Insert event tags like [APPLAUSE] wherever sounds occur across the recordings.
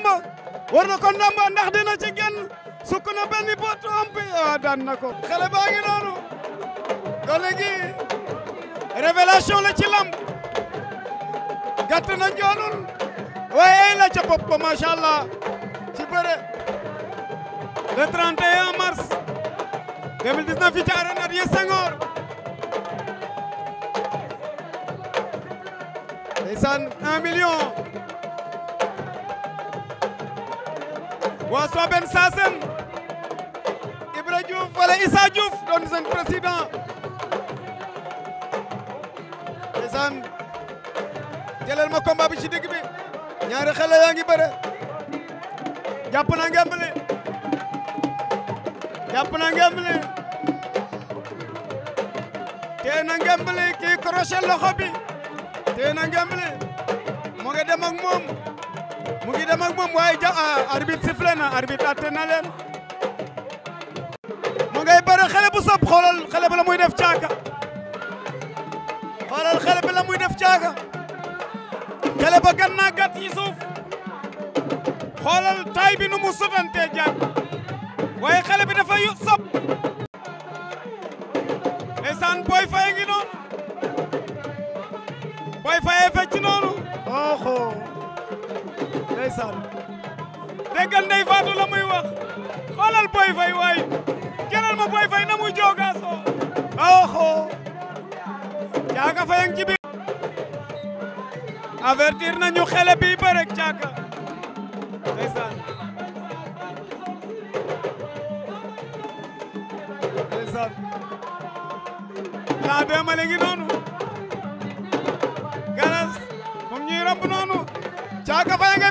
ndamba war na ko ndamba ndax dina ci génn sukk na benn bot ampi ah daan na ko xale baa ngi noonu doole gi révélation la ci lamb gàtt na njoonul waaye ay la ca bopp ba ci bëre le 31 mars 2019 fii ci arène Adrien Senghor ndeysaan 1 million waa Soben Sassène Ibra Diouf wala Issa Diouf doon seen président ndeysaan jëlal ma combat bi ci digg ñaari xale yaa ngi bëre jàpp na ngemb li jàpp na ngemb kii crochet loxo bi tee na ngemb li mu ngi dem ak moom waaye ja ah, arbitre sifflé na arbitre atte mu ngay bëre xale bu xoolal xale bi la muy def caaka xoolal xale bi def caaka xale ba gan yi suuf xoolal taay bi nu mu sotantee waaye xale bi dafa sob déggal Ndeye Fatou la muy wax xoolal Boy Faye waay jëlal ma Boy Faye na muy joogaasoo oxo Caaka Faye ngi avertir nañu xele bi bëre ak Caaka ndeysaan laa bee noonu garas moom ñuy ramb noonu Caaka Faye nga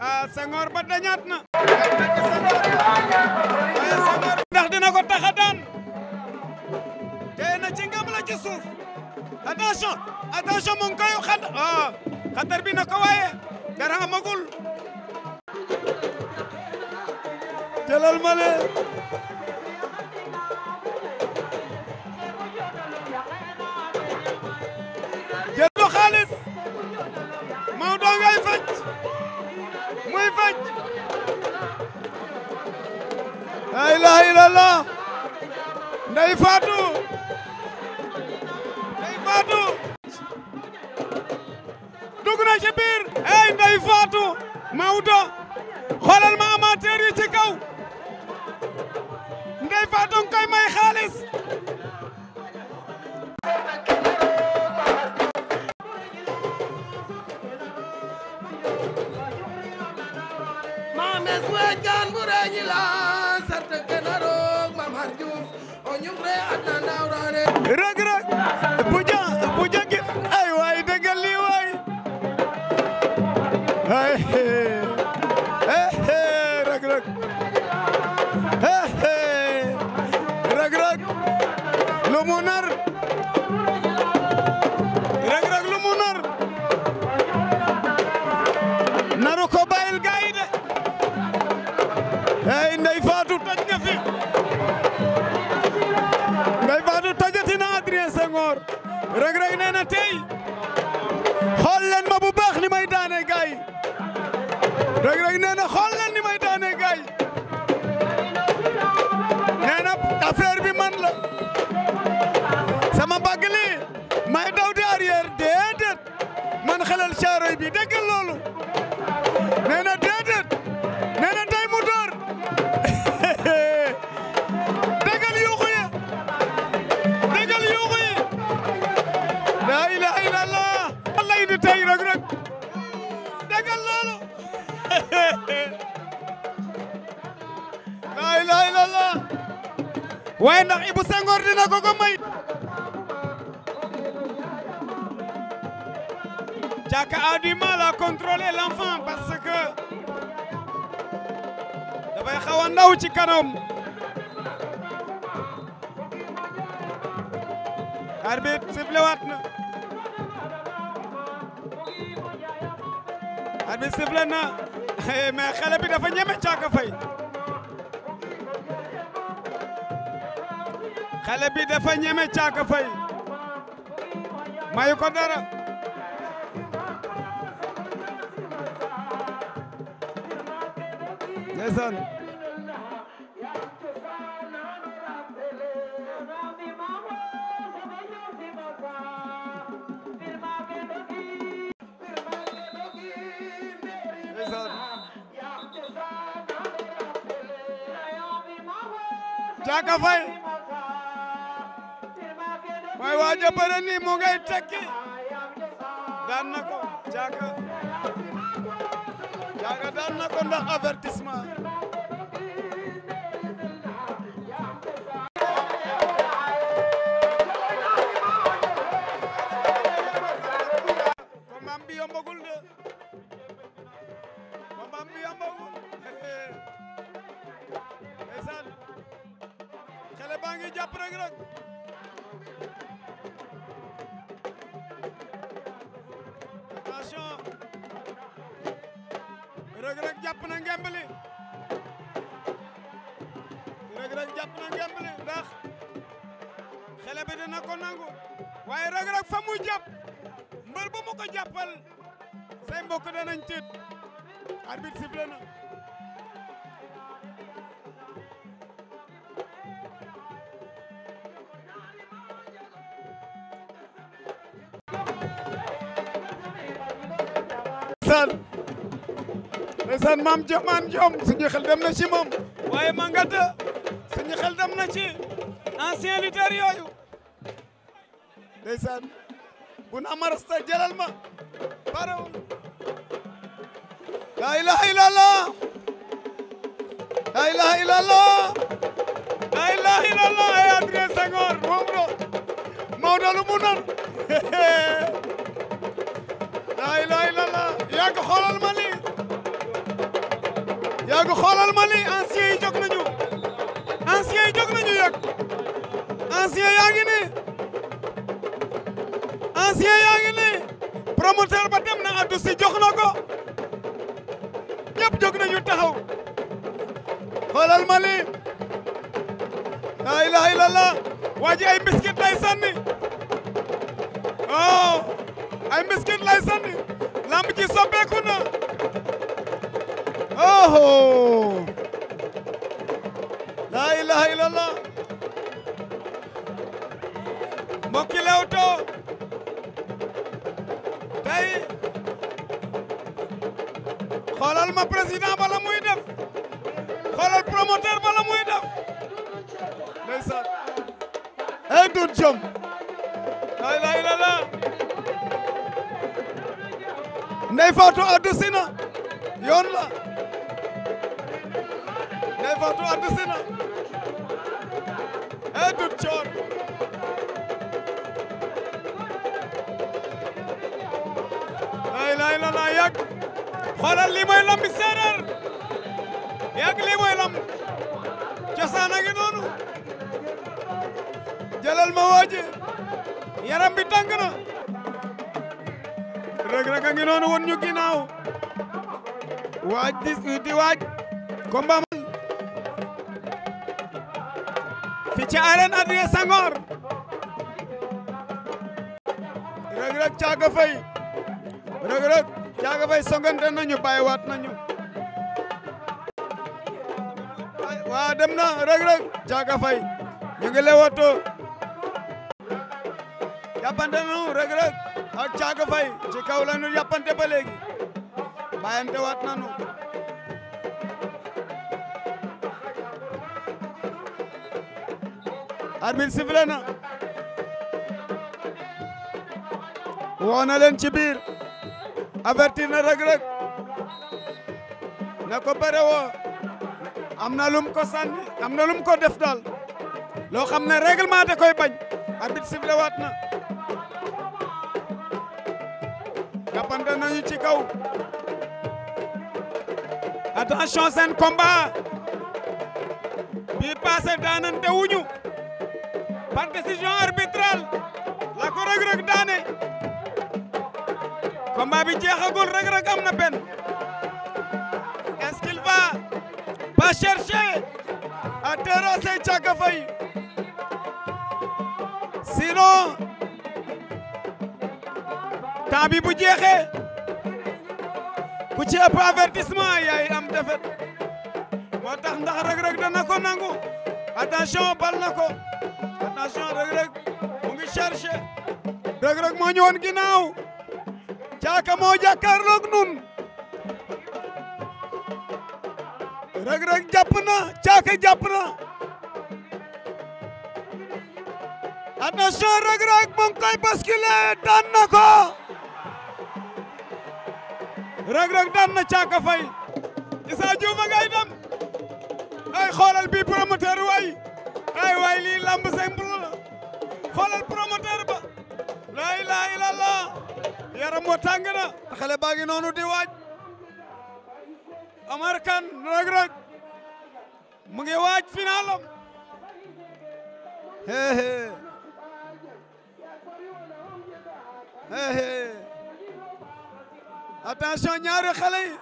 ah Senghor ba dañaat na waaye Senghor ndax dina ko tax a daan tey na ci ngam la ci suuf attention attention mu ngi koy ah, na ko waaye dara amagul jëlal ma lee ngi koy may xaalis maame suwe jaan bu reñi la moo nar ko ko may Thiaka a que dafay xaw a ndaw ci kanam arbitre sifflé waat na arbitre sifflé na [LAUGHS] eh, mais xale bi dafa ñeme Thiaka Faye xale bi dafa ñeme caaka fay mayu ko dara ndeysaan bëre nii mu ngay tekki daan na ko jaaga jaaga daan na ko ndax avertissement rëg jàpp na ngemb li ndax xele bi dina ko maam Jom maam dem na ci moom waaye mangata ma barewul la ilaha illallah la ilaha illallah la ilaha illallah eh, [LAUGHS] la ilaha illallah yaa ko xoolal ma yaa ko xoolal ma lii ancien yi jóg nañu ancien yi nañu yëg ancien yaa ngi nii ancien yaa ngi ba dem na addu si jox na ko ñëpp jóg nañu taxaw xoolal ma laa ilaha illallah waa ay mbiskit lay sànni oh ay mbiskit lay sànni lamb ji soppeeku na oh laa ilaaha illallah mbokki tey xoolal ma président ba muy def xoolal promoteur ba muy def ndeysaan ay dut jom laa ilaaha illallah faatu addu sina la ndey faatu addu e Doudou Thior lay lay la lay yàgg xoolal lii mooy lambi séeréer yàgg lii mooy lamb a ngi noonu jëlal ma waaje yaram bi na Reug Reug a noonu won ñu ginnaaw waaj di waaj combat ci arène Adrien Senghor Reug Reug Thiaka Faye Reug Reug Thiaka Faye songante nañu bàyyiwaat nañu waa dem na Reug Reug Thiaka Faye ñu ngi lewato jàppante nañu Reug ak Thiaka Faye ci kaw lañu jàppante ba léegi bàyyante waat nañu arbitre sifflé na woo leen ci biir avertir na Reug Reug na ko bëre woo am na lum ko sànni am na lum ko def loo xam ne règlement da koy bañ arbitre sifflé waat na jàppante nañu ci kaw attention seen combat bi passé daanante wuñu par décision arbitrale la ko Reug daane combat bi jeexagul Reug Reug am na benn est-ce qu'il va pas chercher à sinon temps bi ku ci ëpp avertissement yaay am defet moo tax ndax Reug Reug dana ko nangu attention bal na attention Reug Reug moo ñëwoon ginnaaw caaka moo jàkkaarloog nun Reug Reug jàpp na caaka jàpp na attention Reug Reug mu ngi koy basculé daan ko Reug Reug daan caaka fay Issa Diouf a ngay dem ay xoolal bi promoteur way ay way lii lamb seen xoolal promoteur ba laa ilaaha illallah yaram wa tàng na xale noonu di waaj Omar Kane Reug mu ngi waaj finalam hehe hehe attention ñaari xale yi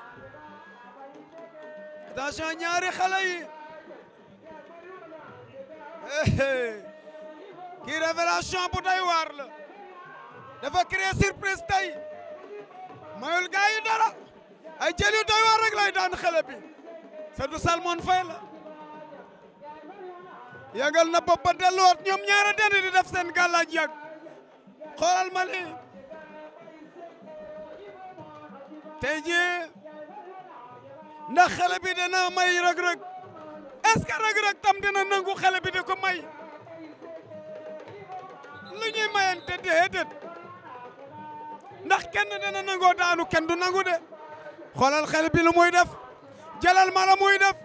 attention ñaari xale yi kii révélation bu doy waar la dafa créer surprise mayul gars dara ay jël yu waar rek lay daan xale bi Seydou Salmon Faye la yëngal na bopp ba delluwaat ñoom ñaara dend di def seen gàllaaj yàgg xoolal ma tey jii ndax xale bi dina may rëg-rëg est-ce que rëg-rëg tam nangu xale bi ko may lu ñuy mayante déedéet ndax kenn dana nangoo daanu kenn nangu de xoolal xel bi muy def jëlal ma la muy def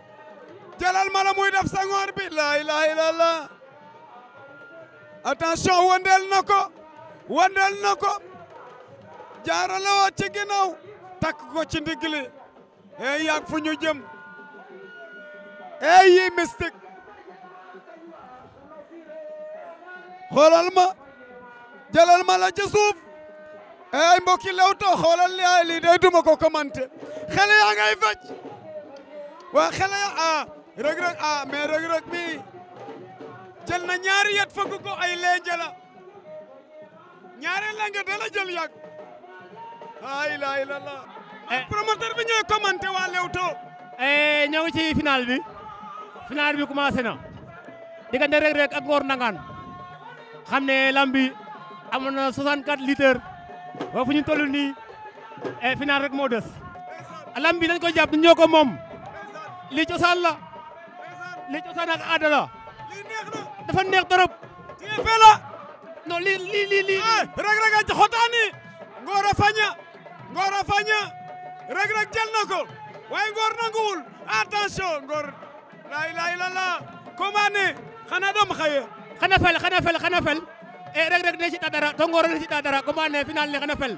jëlal ma muy def sangoor bi laa ilaha illallah attention wandeel na ko wandeel na ci ginnaaw takk ko ci ndigg li ee eh, fu ñu jëm ee eh, yi mystique xoolal ma jëlal ma la ca suuf ay mbokki Leewtoo xoolal li lii day duma ko commenté xale yaa ngay fecc waa xale ya ah Reug Reug ah mais Reug Reug mi jël na ñaari yet fëgg ko ay leeje la ñaari lenge da la jël yàgg laa ilaaha illallaah eh. promoteur bi ñooy commenté waa Leewtoo eh, ñoo ngi ci final bi final bi commencé na diggante Reug Reug ak Ngor Ndangaan xam ne lambi amoon na 64 litres ba fu ñu toll nii final rek moo des. lam bi dañ ko jàpp ñoo ko moom li cosaan la li cosaan ak aada la dafa neex trop. TFE la. non lii lii lii lii. Reug a joxotaani Ngor a faña Ngor a faña Reug Reug jël na ko waaye Ngor nanguwul attention Ngor laay laay la la comment ne xanaa doom xana fel xana fel xana fel. e Reug Reug ne ci ta dara to Ngor ne ci ta dara combat ne final ne xana fel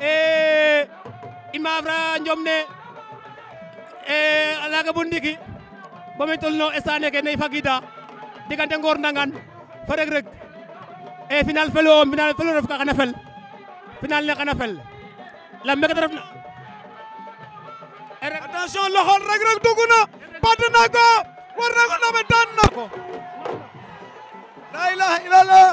e eh, i maafra Ndiom ne e laga bo ndiki bo me tolno stade neke ne i fagiida diggante Ngor Ndangan fo Reug Reug e final felo final felo ref ka xana fel final ne xana fel lam meke ta refna attention loxol Reug Reug dugg na pat na ko war na ko na me daan na ko la ilaha illallah